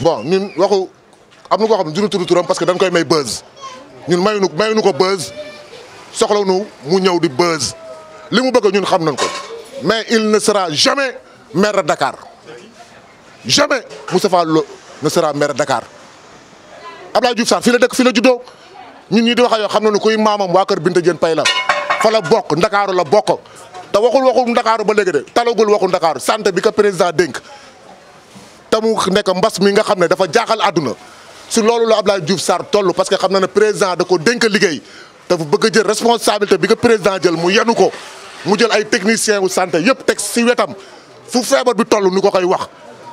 bon ñun waxu am na koo xam ne duñu tudd turam parce que dañ koy may buzz ñun mayuñu mayuñu ko buzz soxlawuñu mu ñëw di buzz li mu bëgg ñun xam na ko mais il ne sera jamais maire de Dakar jamais Moustapha Lo ne sera maire de Dakar Abdoulaye Diouf Sarr fii la dëkk fii la juddoo ñun ñi di wax ak yow xam nañu kuy maamam waa kër Binta Diène Pay la fa la bokk Ndakaaru la bokk te waxul waxul ndakaaru ba léegi de talagul waxul ndakaaru santé bi ko président dénk te mu nekk mbas mi nga xam ne dafa jaaxal àdduna si loolu la Abdoulaye Diouf saar toll parce que xam na ne président da ko dénk liggéey dafa bëgg a jël responsabilité bi ko président jël mu yenu ko mu jël ay technicien wu santé yëpp teg si wetam fu feebar bi toll nu ko koy wax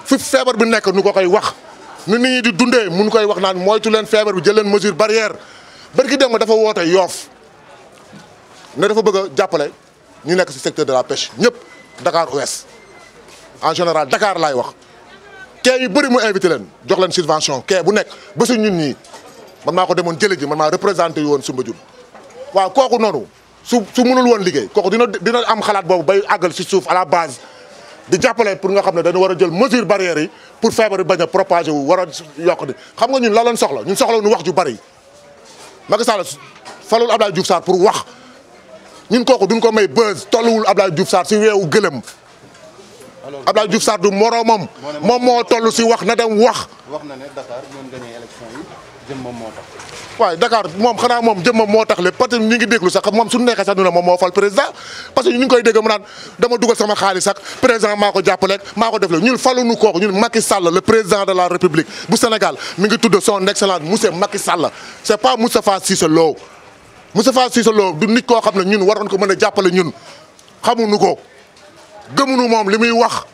fu feebar bi nekk nu ko koy wax nu nit ñi di dundee mun koy wax naan moytu leen feebar bi jël leen mesure barrière barki dem dafa woote yoof ne dafa bëgg a jàppale ñu nekk si secteur de la pêche ñëpp dakaar Ouest en général dakaar laay wax quai yu bëri mu invité leen jox leen subvention quai bu nekk ba si ñun ñii man maa ko demoon jële ji man maa représenté yu woon Soumbédioune waaw kooku noonu su su mënul woon liggéey kooku dina dina am xalaat boobu bay àggal si suuf à la base di jàppale pour nga xam ne dañu war a jël mesure barrières yi pour feebar bi bañ a wu war a yokk ni xam nga ñun la leen soxla ñun soxla nu wax ju bëri Macky Sall falul Abdoulaye Diouf Sarr pour wax ñun kooku duñ ko may buzz tolluwul Abdoulaye Diouf Sarr si weewu gëlëm Abdoulaye Diouf Sarr du moroomam moom moo tollu si wax na dem wax. wax na ne Dakar ñoom gagné élection yi moo tax. moom xanaa moom jëmmam moo tax lépp parce que ñu ngi déglu sax moom suñu moom moo fal président parce que ñu ngi koy dégg mu naan dama dugal sama xaalis sax président maa ko jàppale maa ko def la ñun faluñu kooku ñun Macky Sall le président de la République bu Sénégal mi ngi tudd son excellence monsieur Macky Sall c'est pas Moustapha Cissé Lo. Moustapha Cissé Lo du nit koo xam ne ñun waroon ko mën a jàppale ñun xamuñu ko gëmuñu moom li muy wax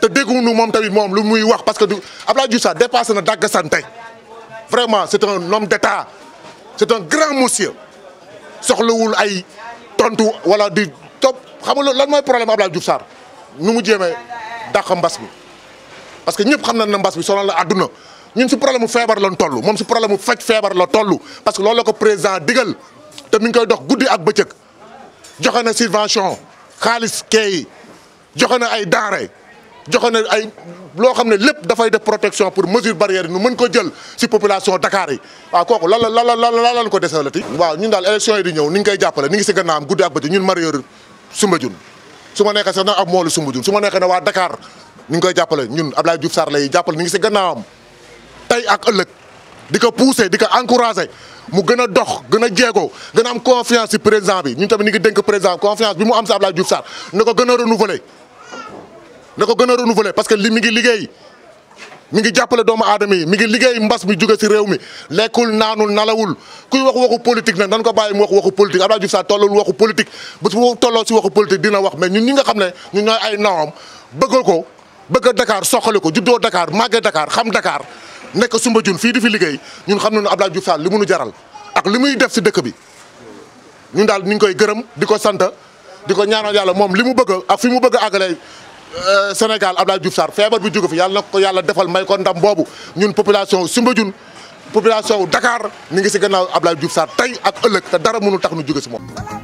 te dégguñu moom tamit moom lu muy wax parce que du Abdoulaye Diouf Sarr dépassé na dàgg sante vraiment c'est un homme d'État c'est un grand monsieur soxlawul ay tontu wala di topp xam nga lan mooy problème Abdoulaye Diouf Sarr nu mu jéemee dàq mbas bi parce que ñëpp xam na ne mbas bi sonal la àdduna ñun si problème mu feebar lañ toll moom si problème mu faj la toll parce que loolu la ko président digal. te mi ngi koy dox guddi ak bëccëg joxe na subvention xaalis kee yi joxe na ay denrées joxe na ay loo xam ne lépp dafay def protection pour mesure barrière nu mën ko jël si population dakaar yi waaw kooku lan la lan la lan lañ ko desalati. waaw ñun daal élection yi di ñëw ni ngi koy jàppale ni ngi si gannaawam guddi ak bëccëg ñun Mareyeur Soumbédioune su ma nekkee sax nag ab moolu Soumbédioune su nekkee ne waa dakaar ni ngi koy jàppale ñun Abdoulaye Diouf Sarr lay jàppale ni ngi si gannaawam tey ak ëllëg. di ko pousser di ko encourager mu gën a dox gën a jéego gën a am confiance président bi ñun tamit ñu ngi dénk président confiance bi mu am ci Abdoulaye Diouf Sarr na ko gën a renouveler. na ko gën a renouveler parce que li mi ngi liggéey mu ngi jàppale doomu aadama yi mi ngi liggéey mbas mi jóge ci réew mi lekkul naanul nalawul kuy wax waxu politique nag nan ko bàyyi mu wax waxu politique Abdoulaye Diouf Sarr tollul waxu politique bu su tolloo ci waxu politique dina wax mais ñun ñi nga xam ne ñun ñooy ay nawam bëggal ko bëgg dakaar soxale ko juddoo Dakar màggee Dakar xam Dakar. nekk jun fii di fi liggéey ñun xam nañu Abdoulaye Diouf Sarr li munu jaral ak li muy def si dëkk bi ñun daal ni ngi koy gërëm di ko sant di ko ñaanal yàlla moom li mu bëgg ak fi mu bëgg a àggale euh, Sénégal Abdoulaye Diouf Sarr feebar bi jóge fi yàlla na ko yàlla defal may ko ndam boobu ñun population Soumbédioune population dakaar ni ngi si gannaaw Abdoulaye Diouf Sarr tey ak ëllëg te dara mënul tax nu jóge si moom